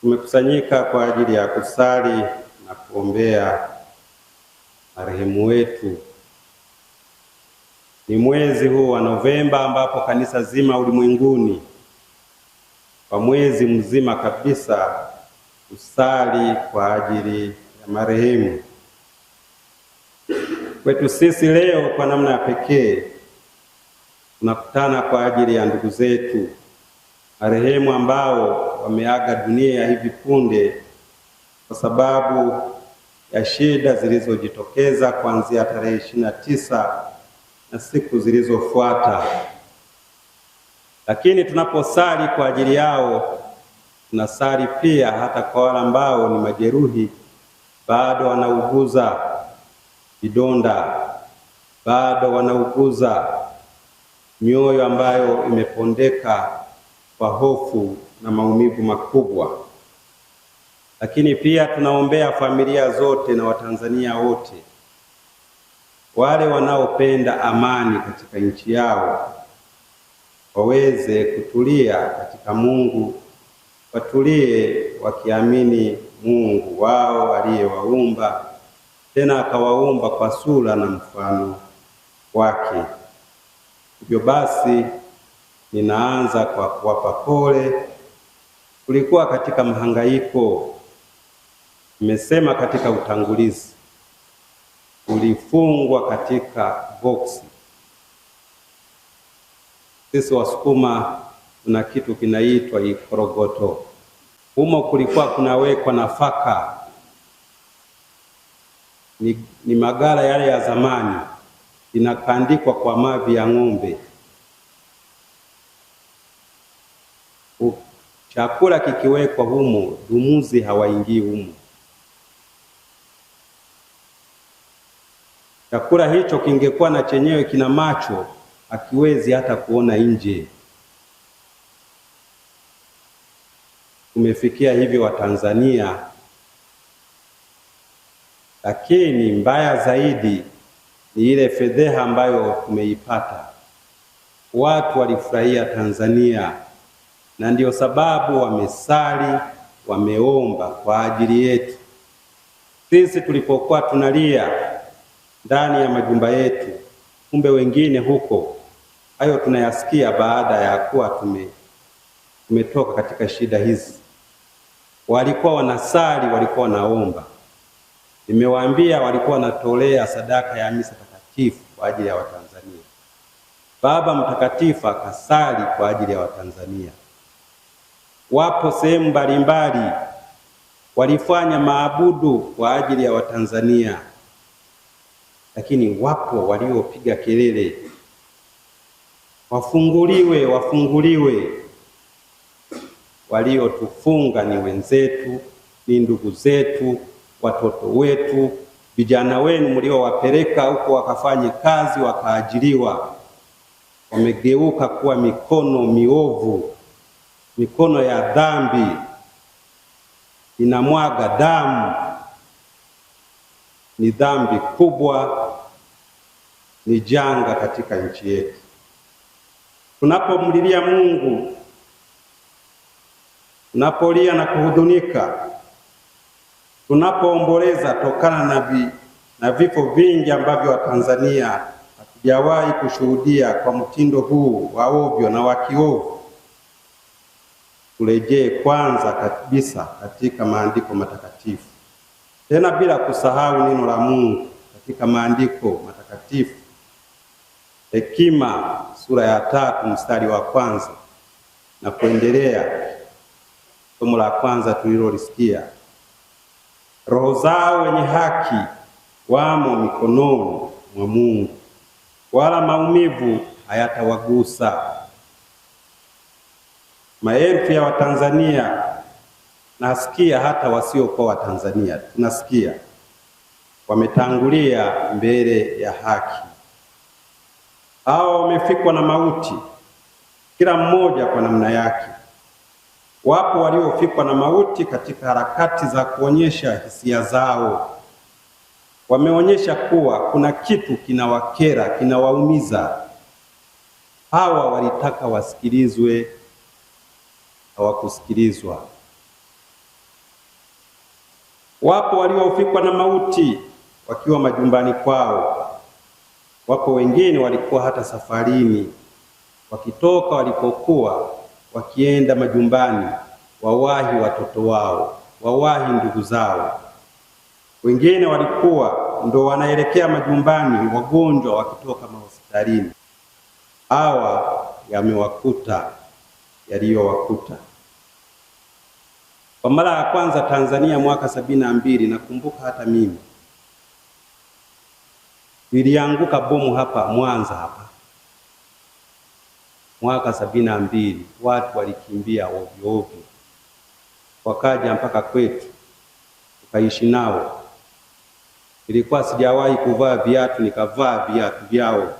Tumekusanyika kwa ajili ya kusali na kuombea marehemu wetu. Ni mwezi huu wa Novemba ambapo kanisa zima ulimwenguni kwa mwezi mzima kabisa usali kwa ajili ya marehemu. Kwetu sisi leo, kwa namna ya pekee, tunakutana kwa ajili ya ndugu zetu marehemu ambao wameaga dunia ya hivi punde kwa sababu ya shida zilizojitokeza kuanzia tarehe ishirini na tisa na siku zilizofuata. Lakini tunaposali kwa ajili yao, tunasali pia hata kwa wale ambao ni majeruhi, bado wanauguza vidonda, bado wanauguza mioyo ambayo imepondeka kwa hofu na maumivu makubwa, lakini pia tunaombea familia zote na Watanzania wote wale wanaopenda amani katika nchi yao waweze kutulia katika Mungu, watulie wakiamini Mungu wao aliyewaumba, tena akawaumba kwa sura na mfano wake. Hivyo basi ninaanza kwa kuwapa pole. Kulikuwa katika mhangaiko, nimesema katika utangulizi, ulifungwa katika boksi. Sisi Wasukuma kuna kitu kinaitwa ikorogoto, humo kulikuwa kunawekwa nafaka ni, ni magara yale ya zamani, inakandikwa kwa mavi ya ng'ombe chakula kikiwekwa humo, dumuzi hawaingii humo. Chakula hicho kingekuwa na chenyewe kina macho, akiwezi hata kuona nje. Tumefikia hivyo Watanzania, lakini mbaya zaidi ni ile fedheha ambayo tumeipata. Watu walifurahia Tanzania na ndiyo sababu wamesali, wameomba kwa ajili yetu. Sisi tulipokuwa tunalia ndani ya majumba yetu, kumbe wengine huko, hayo tunayasikia baada ya kuwa tume tumetoka katika shida hizi. Walikuwa wanasali, walikuwa wanaomba. Nimewaambia walikuwa wanatolea sadaka ya misa takatifu kwa ajili ya Watanzania. Baba Mtakatifu akasali kwa ajili ya Watanzania wapo sehemu mbalimbali walifanya maabudu kwa ajili ya Watanzania, lakini wapo waliopiga kelele wafunguliwe, wafunguliwe. Waliotufunga ni wenzetu, ni ndugu zetu, watoto wetu, vijana wenu mliowapeleka huko wakafanye kazi wakaajiriwa, wamegeuka kuwa mikono miovu Mikono ya dhambi inamwaga damu, ni dhambi kubwa, ni janga katika nchi yetu. Tunapomlilia Mungu, tunapolia na kuhudunika, tunapoomboleza tokana na vi, na vifo vingi ambavyo Watanzania hatujawahi kushuhudia kwa mtindo huu wa ovyo na wa kiovu turejee kwanza kabisa katika maandiko matakatifu, tena bila kusahau neno la Mungu katika maandiko matakatifu, Hekima sura ya tatu mstari wa kwanza na kuendelea, somo la kwanza tulilolisikia, roho zao wenye haki wamo mikononi mwa Mungu, wala maumivu hayatawagusa maelfu ya Watanzania nasikia hata wasiokuwa Watanzania tunasikia wametangulia mbele ya haki. Hao wamefikwa na mauti, kila mmoja kwa namna yake. Wapo waliofikwa na mauti katika harakati za kuonyesha hisia zao, wameonyesha kuwa kuna kitu kinawakera, kinawaumiza. Hawa walitaka wasikilizwe hawakusikilizwa. Wapo waliofikwa na mauti wakiwa majumbani kwao, wapo wengine walikuwa hata safarini, wakitoka walipokuwa wakienda majumbani, wawahi watoto wao, wawahi ndugu zao. Wengine walikuwa ndo wanaelekea majumbani, wagonjwa wakitoka mahospitalini. Hawa yamewakuta yaliyowakuta. Kwa mara ya kwanza Tanzania mwaka sabini na mbili nakumbuka hata mimi nilianguka bomu hapa Mwanza hapa mwaka sabini na mbili watu walikimbia ovyo ovyo, wakaja mpaka kwetu tukaishi nao. ilikuwa sijawahi kuvaa viatu, nikavaa viatu vyao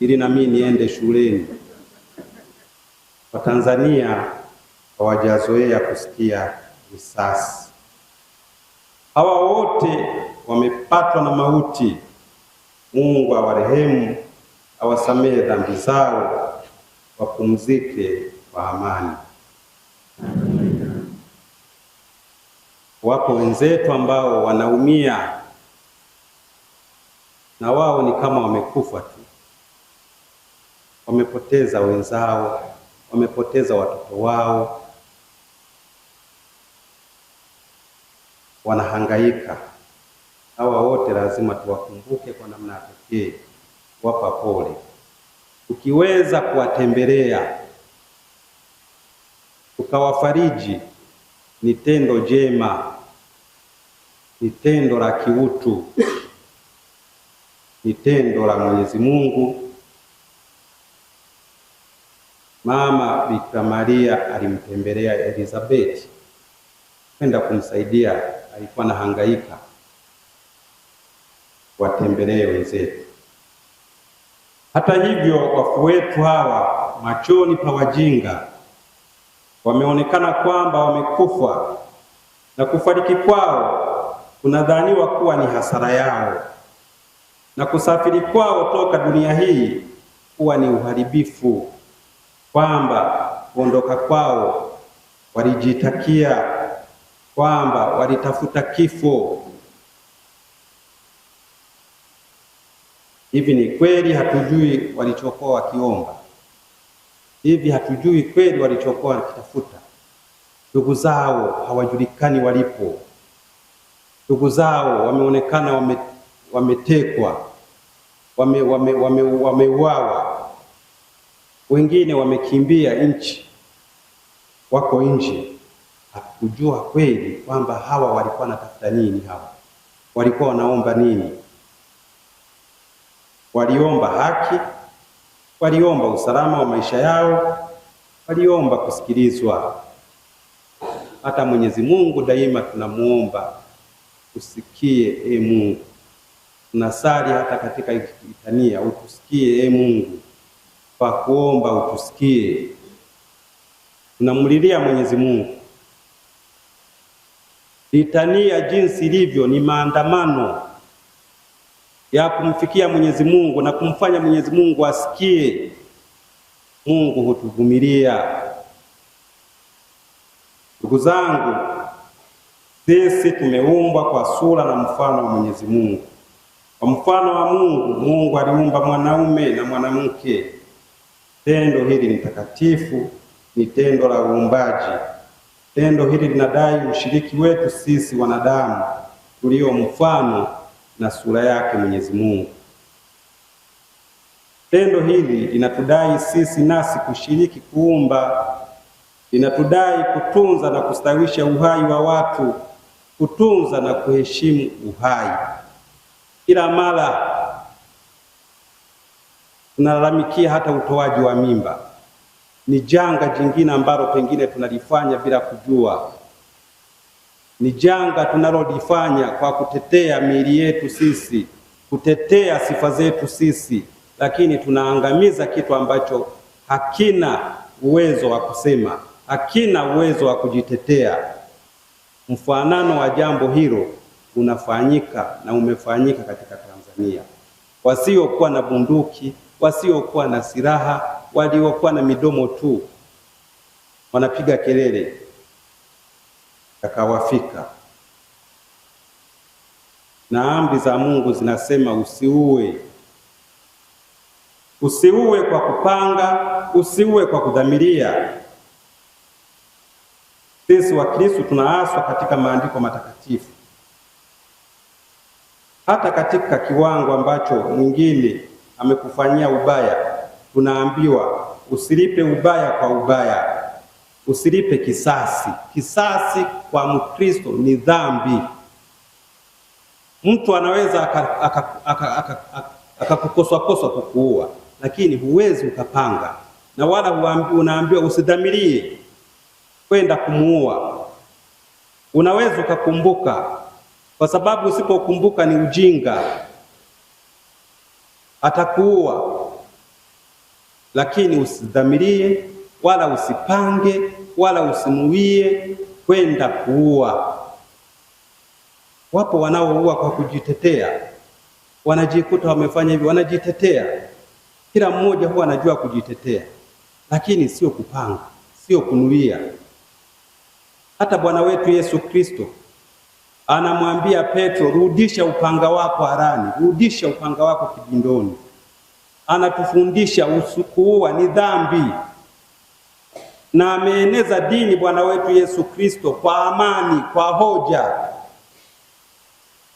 ili na mimi niende shuleni. Kwa Tanzania hawajazoea kusikia risasi. Hawa wote wamepatwa na mauti. Mungu awarehemu, awasamehe dhambi zao, wapumzike kwa amani. Wapo wenzetu ambao wanaumia na wao ni kama wamekufa tu, wamepoteza wenzao, wamepoteza watoto wao wanahangaika. Hawa wote lazima tuwakumbuke kwa namna ya pekee, wapa pole. Tukiweza kuwatembelea tukawafariji, ni tendo jema, ni tendo la kiutu, ni tendo la Mwenyezi Mungu. Mama Bikira Maria alimtembelea Elizabeti kwenda kumsaidia, alikuwa na hangaika watembelee wenzetu. Hata hivyo, wafu wetu hawa machoni pa wajinga wameonekana kwamba wamekufa na kufariki kwao kunadhaniwa kuwa ni hasara yao na kusafiri kwao toka dunia hii kuwa ni uharibifu, kwamba kuondoka kwao walijitakia kwamba walitafuta kifo. Hivi ni kweli hatujui walichokuwa wakiomba? Hivi hatujui kweli walichokuwa wakitafuta? Ndugu zao hawajulikani walipo, ndugu zao wameonekana wame, wametekwa, wameuawa, wame, wame, wame wengine wamekimbia nchi, wako nje hakujua kweli kwamba hawa walikuwa wanatafuta nini, hawa walikuwa wanaomba nini. Waliomba haki, waliomba usalama wa maisha yao, waliomba kusikilizwa. Hata Mwenyezi Mungu daima tunamuomba usikie, e Mungu. Tunasali hata katika itania, utusikie e Mungu, kwa kuomba utusikie. Tunamlilia Mwenyezi Mungu litania jinsi ilivyo ni maandamano ya kumfikia Mwenyezi Mungu na kumfanya Mwenyezi Mungu asikie. Mungu hutuvumilia. Ndugu zangu, sisi tumeumbwa kwa sura na mfano wa Mwenyezi Mungu. Kwa mfano wa Mungu, Mungu aliumba mwanaume na mwanamke. Tendo hili ni takatifu, ni tendo la uumbaji. Tendo hili linadai ushiriki wetu sisi wanadamu tulio mfano na sura yake Mwenyezi Mungu. Tendo hili linatudai sisi nasi kushiriki kuumba, linatudai kutunza na kustawisha uhai wa watu, kutunza na kuheshimu uhai. Kila mara tunalalamikia hata utoaji wa mimba ni janga jingine ambalo pengine tunalifanya bila kujua. Ni janga tunalolifanya kwa kutetea miili yetu sisi, kutetea sifa zetu sisi, lakini tunaangamiza kitu ambacho hakina uwezo wa kusema, hakina uwezo wa kujitetea. Mfanano wa jambo hilo unafanyika na umefanyika katika Tanzania. Wasiokuwa na bunduki, wasiokuwa na silaha waliokuwa na midomo tu wanapiga kelele, yakawafika. Na amri za Mungu zinasema usiue, usiue kwa kupanga, usiue kwa kudhamiria. Sisi wa Kristo tunaaswa katika maandiko matakatifu hata katika kiwango ambacho mwingine amekufanyia ubaya tunaambiwa usilipe ubaya kwa ubaya, usilipe kisasi. Kisasi kwa Mkristo ni dhambi. Mtu anaweza akakukoswakoswa kukuua, lakini huwezi ukapanga na wala unaambiwa usidhamirie kwenda kumuua. Unaweza ukakumbuka, kwa sababu usipokumbuka ni ujinga, atakuua lakini usidhamirie wala usipange wala usinuie kwenda kuua. Wapo wanaoua kwa kujitetea, wanajikuta wamefanya hivyo, wanajitetea. Kila mmoja huwa anajua kujitetea, lakini sio kupanga, sio kunuia. Hata Bwana wetu Yesu Kristo anamwambia Petro, rudisha upanga wako harani, rudisha upanga wako kidindoni anatufundisha kuua ni dhambi, na ameeneza dini Bwana wetu Yesu Kristo kwa amani, kwa hoja,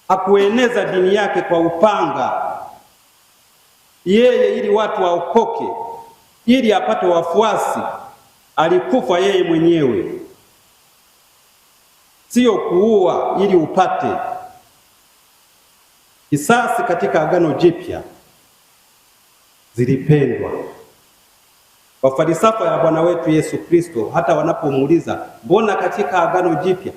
akueneza dini yake kwa upanga yeye, ili watu waokoke, ili apate wafuasi. Alikufa yeye mwenyewe, sio kuua ili upate kisasi. Katika Agano Jipya zilipendwa. Kwa ya Bwana wetu Yesu Kristo, hata wanapomuuliza mbona katika Agano Jipya,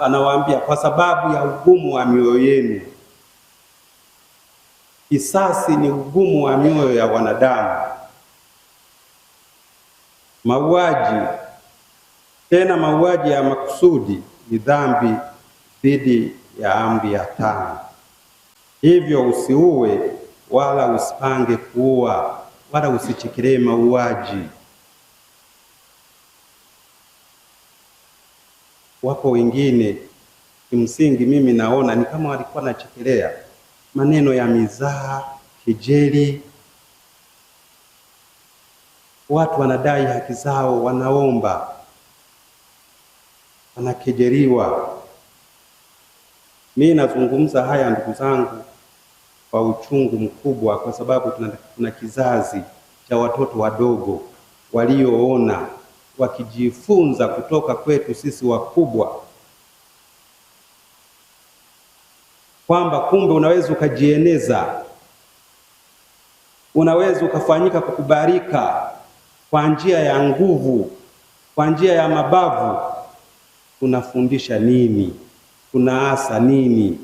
anawaambia kwa sababu ya ugumu wa mioyo yenu. Kisasi ni ugumu wa mioyo ya wanadamu, mauaji, tena mauaji ya makusudi ni dhambi dhidi ya amri ya tano. Hivyo usiue wala usipange kuua wala usichekelee mauaji. Wapo wengine kimsingi, mimi naona ni kama walikuwa nachekelea maneno ya mizaa kejeli. Watu wanadai haki zao, wanaomba, wanakejeliwa. Mimi nazungumza haya ndugu zangu kwa uchungu mkubwa, kwa sababu tuna, tuna kizazi cha watoto wadogo walioona wakijifunza kutoka kwetu sisi wakubwa kwamba kumbe unaweza ukajieneza, unaweza ukafanyika kukubarika kwa njia ya nguvu, kwa njia ya mabavu. Tunafundisha nini? Tunaasa nini?